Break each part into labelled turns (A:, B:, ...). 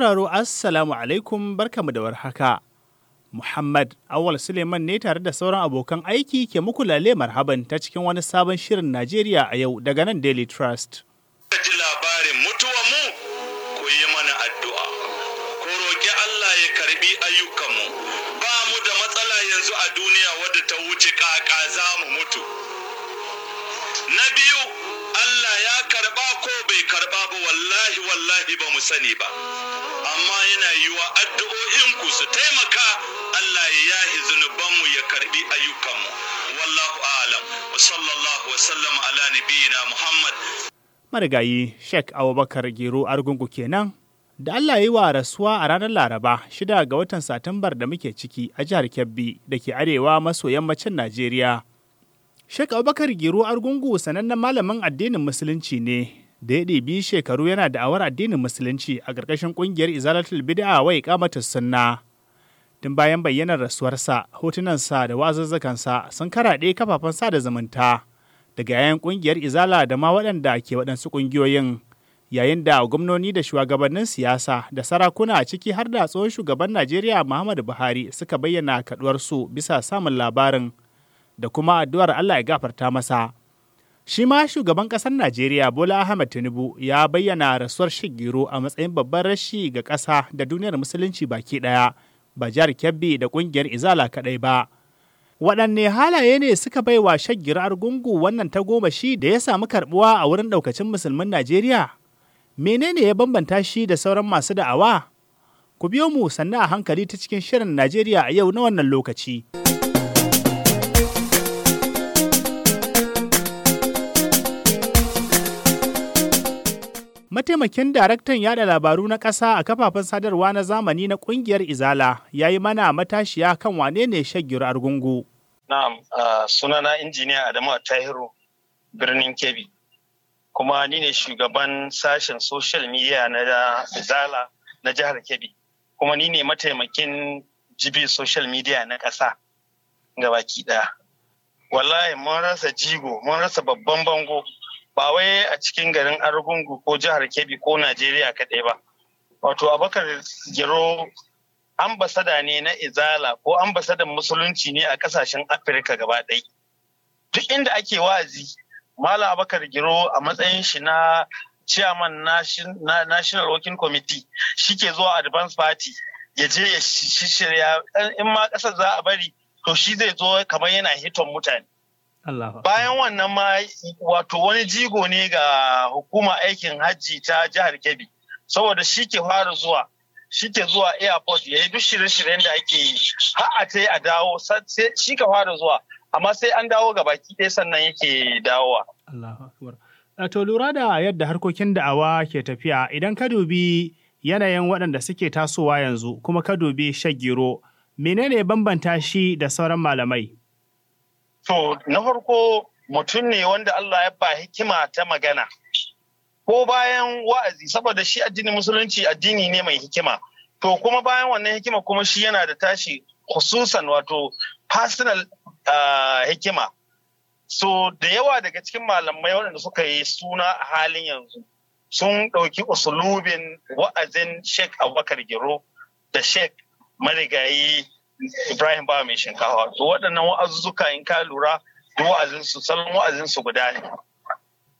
A: sauraro Assalamu alaikum barkamu da warhaka. Muhammad Awal Suleiman ne tare da sauran abokan aiki ke muku lale marhaban ta cikin wani sabon shirin Najeriya a yau daga nan Daily Trust. ji labarin
B: mutuwa mu ko yi mana addu'a, ko roƙi Allah ya karbi ayyukanmu. Ba mu da matsala yanzu a duniya wadda ta wuce ƙaƙa za mu mutu. Na biyu, Allah ya karɓa ko bai karɓa ba wallahi wallahi ba mu sani ba. yiwa addu'o'inku su taimaka Allah ya yahi zunubanmu ya karbi ayyukanmu wallahu alam wa sallallahu wa sallam ala nabiyina
A: Muhammad marigayi Sheikh Abubakar Gero Argungu kenan da Allah ya yi wa rasuwa a ranar Laraba shida ga watan Satumbar da muke ciki a jihar Kebbi da ke arewa maso yammacin Najeriya. Sheikh Abubakar Gero Argungu sanannen malamin addinin Musulunci ne da ya ɗibi shekaru yana da awar addinin musulunci a ƙarƙashin ƙungiyar izalatul bid'a wa iqamatus sunna tun bayan bayyanar rasuwarsa hotunansa da wazazzakansa sun karaɗe kafafen sada zumunta daga yayan ƙungiyar izala da ma waɗanda ke waɗansu ƙungiyoyin yayin da gwamnoni da shugabannin siyasa da sarakuna ciki har da tsohon shugaban najeriya muhammadu buhari suka bayyana kaɗuwarsu bisa samun labarin da kuma addu'ar allah ya gafarta masa Shi ma shugaban ƙasar Najeriya Bola Ahmed Tinubu ya bayyana rasuwar Shigiro a matsayin babban rashi ga ƙasa da duniyar musulunci baki ɗaya, ba jihar Kebbi da ƙungiyar Izala kaɗai ba. Waɗanne halaye ne suka bai wa Shagiro Argungu wannan shi da ya samu karɓuwa a wurin ɗaukacin musulmin Najeriya? Menene ya bambanta shi da sauran masu da'awa? Ku biyo mu sannu a hankali ta cikin shirin Najeriya a yau na wannan lokaci. Mataimakin daraktan yada labaru na ƙasa a kafafen sadarwa na zamani na ƙungiyar Izala ya yi mana matashiya kan wane ne shagiyar argungu.
B: Na'am, uh, sunana injiniya Adamu Tahiru birnin Kebbi. Kuma ni ne shugaban sashen social media na Izala na jihar Kebbi. Kuma ni ne mataimakin jibi social media na ƙasa baki ɗaya. Wallahi mun rasa jigo, mun rasa babban bango. ba wai a cikin garin argungu ko jihar kebbi ko najeriya kaɗai ba wato abakar gero ambasada ne na izala ko ambasadan musulunci ne a ƙasashen afirka gaba ɗai duk inda ake wa'azi mala abakar Gero a matsayin shi na chairman national working committee shi ke zuwa advance party ya je ya shirya in ma ƙasar za a bari to shi zai zo kamar yana hiton mutane Bayan wannan ma wato wani jigo ne ga hukuma aikin hajji ta jihar Kebbi. Saboda shi ke fara zuwa, shi ke zuwa airport ya yi duk shirye-shiryen da ake yi, a ta a dawo, shi ka fara zuwa, amma sai an dawo ga baki ɗaya sannan yake
A: dawowa. Eh, to lura da yadda harkokin da'awa ke tafiya idan ka dubi yanayin waɗanda suke tasowa yanzu kuma ka dubi shagiro menene bambanta shi da sauran malamai?
B: To, na farko mutum ne wanda Allah ya ba hikima ta magana. Ko bayan wa'azi, saboda shi addinin musulunci addini ne mai hikima. To, kuma bayan wannan hikima kuma shi yana da tashi hususan wato personal uh, hikima. So, da yawa daga cikin malamai waɗanda suka yi suna a halin yanzu sun ɗauki usulubin wa'azin Sheikh Abubakar Giro da Sheikh Marigayi Ibrahim ba mai shinkafa. to waɗannan wa'azuzzuka in ka lura wa'azin su salon wa'azin su guda ne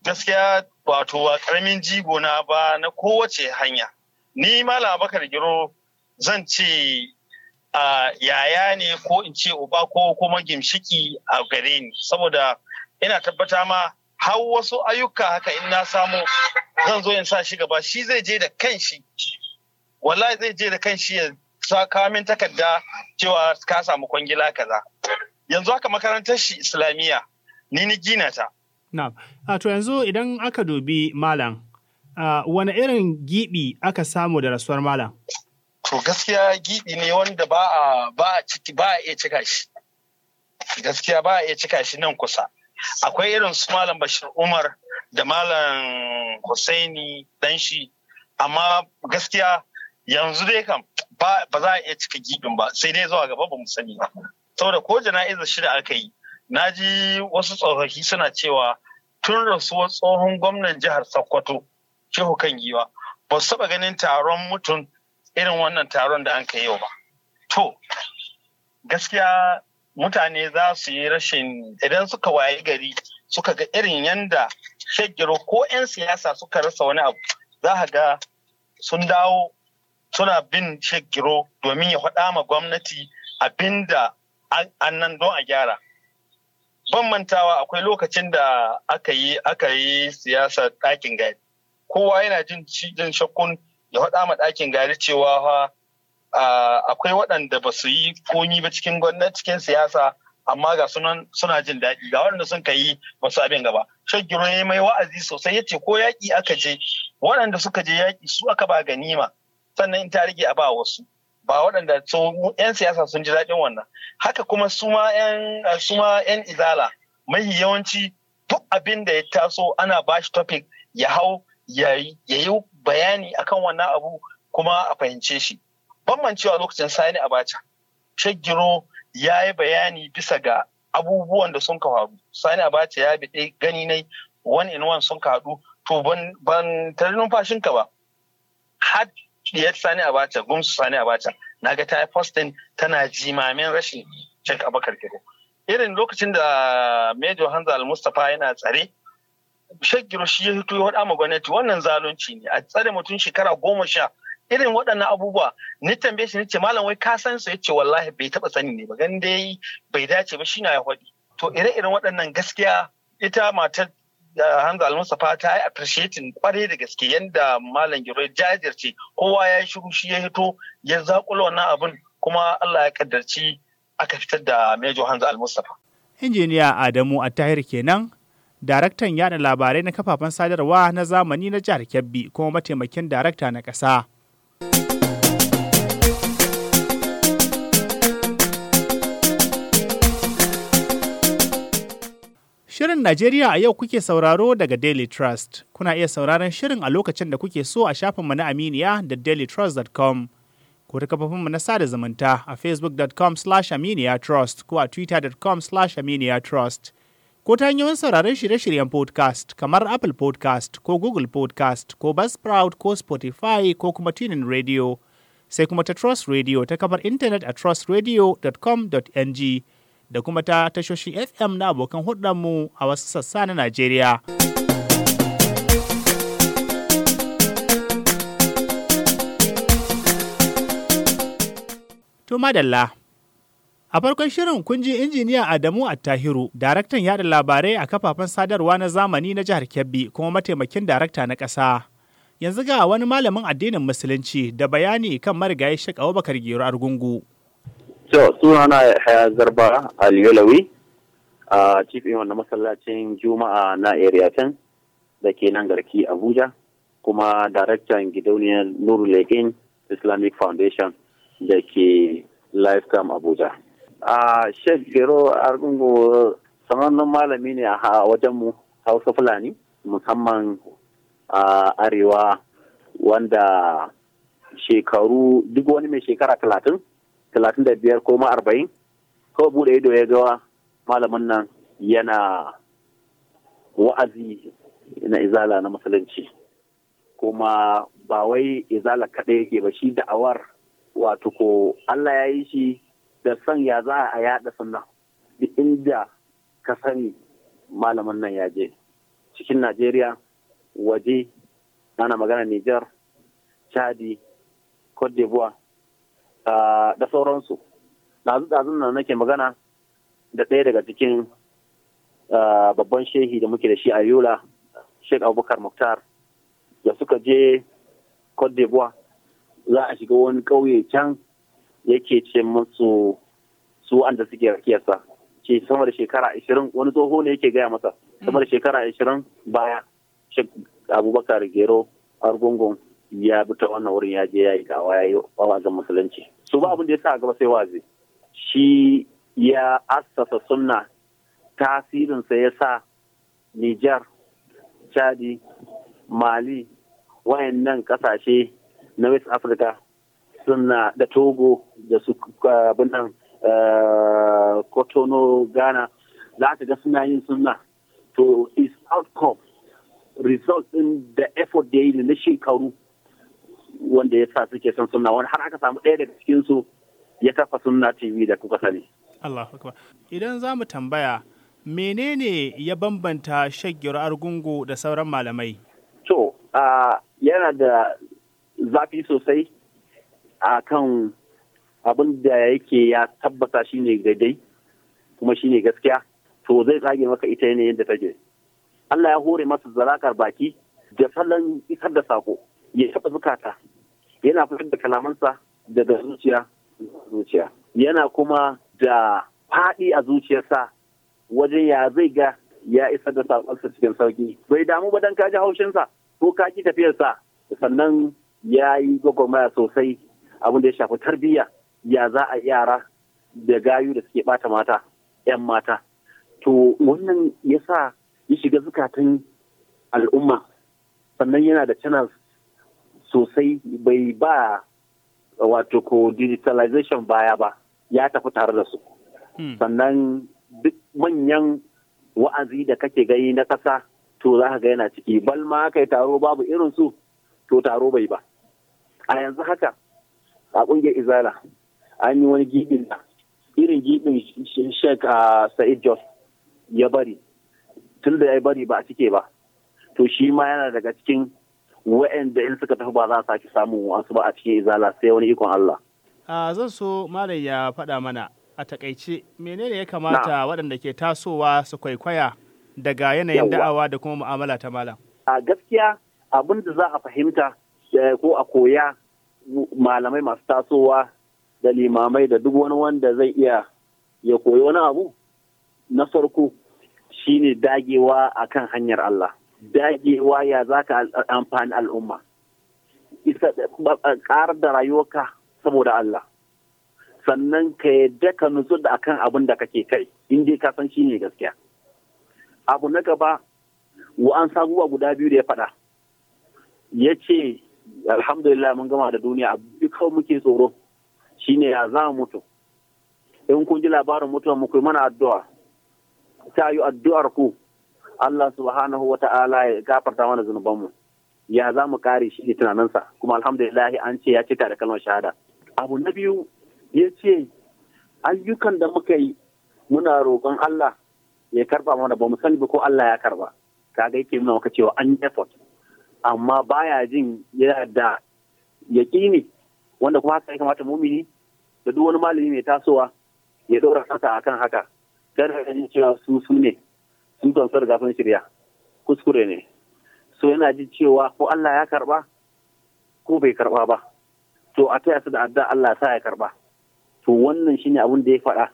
B: gaskiya wato ba karamin jigo na ba na kowace hanya ni malam labakar giro zan ce yaya ne ko in ce uba ko kuma gimshiki a gare ni saboda ina tabbata ma har wasu ayyuka haka in na samu zan zo in sa shi gaba shi zai je da kanshi wallahi zai je da kanshi ya kamin takarda cewa ka samu kwangila kaza yanzu haka makarantar shi islamiyya ni ni gina ta
A: na to yanzu idan aka dubi malam wani irin gibi aka samu da rasuwar malam
B: to gaskiya gibi ne wanda ba a iya cika shi gaskiya ba a iya cika shi nan kusa akwai irin su malam bashir umar da malam husaini dan shi amma gaskiya yanzu dai kam ba za a iya cika gibin ba sai dai zuwa gaba ba mu sani ba saboda ko jana'izar shida aka yi na ji wasu tsofaffi suna cewa tun rasuwar tsohon gwamnan jihar sokoto shehu kan giwa ba su taɓa ganin taron mutum irin wannan taron da an kai yau ba to gaskiya mutane za su yi rashin idan suka waye gari suka ga irin yanda shagiro ko 'yan siyasa suka rasa wani abu za ga sun dawo suna bin Sheikh domin ya faɗa ma gwamnati abinda an nan don a gyara. Ban mantawa akwai lokacin da aka yi siyasa ɗakin gari. Kowa yana jin jin shakkun ya faɗa ma ɗakin gari cewa akwai waɗanda ba su yi komi ba cikin gwamnati cikin siyasa amma ga sunan suna jin daɗi ga waɗanda sun ka yi ba su abin gaba. Sheikh Giro ya mai wa'azi sosai ya ce ko yaƙi aka je waɗanda suka je yaƙi su aka ba ganima. sannan in ta rage a ba wasu ba waɗanda so yan siyasa sun ji daɗin wannan haka kuma suma yan suma yan izala mai yawanci duk abin da ya taso ana ba shi topic ya hau ya yi bayani akan wannan abu kuma a fahimce shi bambancewa lokacin sani abacha shaggiro ya yi bayani bisa ga abubuwan da sun ka faru sani abacha ya bi gani ne one in one sun ka haɗu to ban tarin numfashinka ba diyar sani abacha gumsu sani abacha na ga ta yi postin tana jimamin rashin cek abakar giro irin lokacin da major hanza al-mustapha yana tsare shaggiro shi ya hito ya hada ma gwamnati wannan zalunci ne a tsare mutum shekara goma sha irin waɗannan abubuwa ni tambaye shi ce malam wai ka san ya ce, wallahi bai taɓa sani ne ba gan dai bai dace ba na ya faɗi to ire-iren waɗannan gaskiya ita matar Hamza Al-Mustapha ta yi appreciating kwarai da gaske yadda Malam Giro jajirce kowa ya shiru shi ya hito ya zakula wannan abun kuma Allah ya kaddarci aka fitar da Major Hamza Al-Mustapha.
A: Injiniya Adamu Attahir kenan daraktan yada labarai na kafafen sadarwa na zamani na jihar Kebbi kuma mataimakin darakta na ƙasa. Shirin Najeriya a yau kuke sauraro daga Daily Trust. Kuna iya sauraron shirin a lokacin da kuke so a shafinmu na Aminiya da dailytrust.com. Ko ta kafafinmu na sada zumunta a facebook.com slash aminiya trust ko a twitter.com slash aminiya trust. Ko ta hanyoyin sauraron shirye-shiryen podcast kamar Apple podcast ko Google podcast ko Buzzsprout ko Spotify ko kuma Tunin Radio. Sai kuma ta Trust Radio ta kafar intanet a trustradio.com.ng. da kuma ta tashoshin FM na abokan mu a wasu sassa na Najeriya. To madalla. A farkon shirin kun ji injiniya Adamu Attahiru, daraktan yada labarai a kafafen sadarwa na zamani na jihar Kebbi kuma mataimakin darakta na ƙasa. Yanzu ga wani malamin addinin Musulunci da bayani kan marigayi Sheikh Abubakar Gero Argungu.
C: So sunana ya Zarba Aliyalawi, a chief imam na masallacin Juma'a na area 10 da ke nan garki Abuja, kuma daraktan gidauniyar Nuru Lekin Islamic Foundation da ke Lifecam Abuja. A Sheikh Gero Argungu sanannen malami ne a wajenmu Hausa Fulani, musamman a Arewa wanda shekaru duk wani mai shekara talatin talatin da biyar ko ma arba'in kawai bude ido ya gawa malamin nan yana wa'azi na izala na musulunci kuma ba wai izala kaɗai yake ba shi da'awar wato ko Allah ya yi shi da san ya za a yaɗa sunna duk inda ka sani malamin nan ya je cikin Najeriya waje ana magana Nijar, Chadi, Cote Ah, da sauransu ɗazu-ɗazun nan nake magana da ɗaya daga cikin ah, babban shehi da muke da shi a yola sheikh abubakar muktar da suka je cote d'ivoire za a shiga wani ƙauye can yake ce musu su da suke rakiyarsa ce sama da shekara ashirin wani tsoho ne yake gaya masa sama da mm. shekara ashirin baya abubakar gero argungun ya bi ta wannan wurin ya je ya yi kawa ya yi wazin musulunci su ba abin da ya sa gaba sai wazi shi ya assasa sunna tasirinsa ya sa Nijar, Chadi, Mali, wayannan kasashe na West Africa suna da Togo da su abinan Kotono eh, Ghana za ta ga suna yin suna. To, is outcome result din da effort da yi na shekaru wanda ya sa suke son sunna wani har aka samu ɗaya daga cikin su ya kafa sunna TV da kuka sani.
A: Allahu akbar. Idan za mu tambaya menene ya bambanta shaggiyar argungu da sauran malamai?
C: To, yana
A: da zafi
C: sosai a kan abin da yake ya tabbata shine daidai kuma shine gaskiya to zai tsage maka ita ne yadda take Allah ya hore masa zalakar baki da salon isar da sako ya taɓa zukata yana fitar da kalamansa daga zuciya zuciya yana kuma da faɗi a zuciyarsa wajen ya zai ga ya isa da saƙonsa cikin sauƙi bai damu ba dan kaji haushinsa ko ka ki tafiyarsa sannan ya yi gwagwarmaya sosai abin da ya shafi tarbiyya ya za a yara da gayu da suke bata mata 'yan mata to wannan ya sa ya shiga zukatan al'umma sannan yana da channels sosai bai ba wato ko digitalization baya ba ya tafi tare da su hmm. sannan duk manyan wa'azi da kake gani na kasa to za ka ga yana ciki bal ma kai taro babu irin su to taro bai ba a yanzu haka a kungiyar izala an yi wani gibin da irin gibin shek sa'id jos ya bari tun da ya bari ba a cike ba to shi ma yana daga cikin wa'anda in suka tafi ba za a sake samun wasu ba a cikin izala sai wani ikon Allah.
A: A zan so Malam ya faɗa mana a takaice menene ya kamata waɗanda ke tasowa su kwaikwaya daga yanayin da'awa da kuma mu'amala ta malam.
C: A gaskiya abin da za a fahimta eh, ko a koya malamai masu tasowa da limamai da duk wani wanda zai iya ya koyi wani abu na farko shine dagewa akan hanyar Allah. dagewa ya za ka amfani al'umma isa ƙarar da rayuwarka saboda Allah sannan ka yadda ka nutsu da akan abin da kake kai in dai ka san shi ne gaskiya abu na gaba wa an sabuwa guda biyu da ya faɗa ya ce alhamdulillah mun gama da duniya kawai muke tsoro Shi ne ya za mutu in kun ji labarin mutuwa mu mana addu'a ta yi addu'ar ku Allah subhanahu wa ta'ala ya gafarta mana zunubanmu ya za mu kare shi ne tunaninsa kuma alhamdulillah an ce ya cika da kalmar shahada abu na biyu ya ce ayyukan da muka yi muna roƙon Allah ya karba mana ba mu sani ba ko Allah ya karba kaga yake nuna maka cewa an effort amma baya jin yana da yaƙini wanda kuma haka ya kamata mumini da duk wani malami mai tasowa ya ɗora kansa akan haka kada ka ji cewa su su ne sun gamsu da sun shirya kuskure ne so yana ji cewa ko Allah ya karba ko bai karba ba to a taya su da adda Allah sa ya karba to wannan shine abin da ya faɗa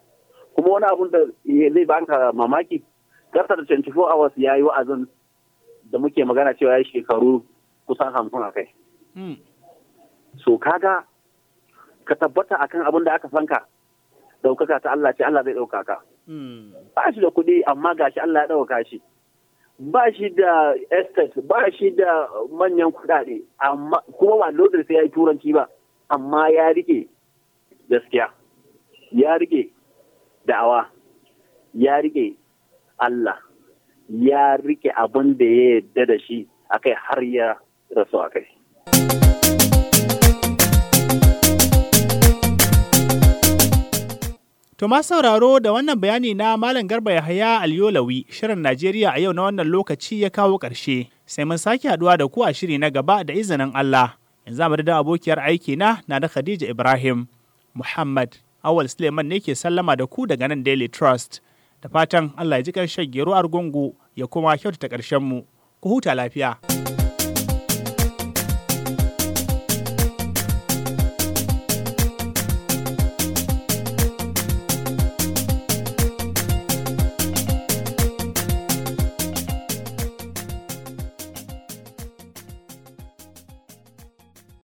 C: kuma wani abin da zai banka mamaki kasar 24 hours ya yi wa'azin da muke magana cewa ya shekaru kusan hamsin a kai hmm. so kaga ka tabbata akan abin da aka sanka ɗaukaka ta Allah ce Allah zai ka. ba shi da kuɗi amma ga shi Allah ya ɗauka shi ba shi da estate ba shi da manyan kuɗaɗe amma kuma ba lodin sai ya yi turanci ba amma ya rike gaskiya ya rike da'awa ya rike Allah ya rike abin da ya yarda da shi akai har ya rasu akai
A: To ma sauraro da wannan bayani na Malam Garba Yahaya Alyolawi shirin Najeriya a yau na wannan lokaci ya kawo ƙarshe. Sai mun sake haɗuwa da ku a shiri na gaba da izinin Allah. Yanzu mu da abokiyar aiki na na da Khadija Ibrahim. Muhammad Awal Suleiman ne ke sallama da ku daga nan Daily Trust. Da fatan Allah ya ji ƙarshen gero argungu ya kuma kyautata ƙarshen mu. Ku huta lafiya.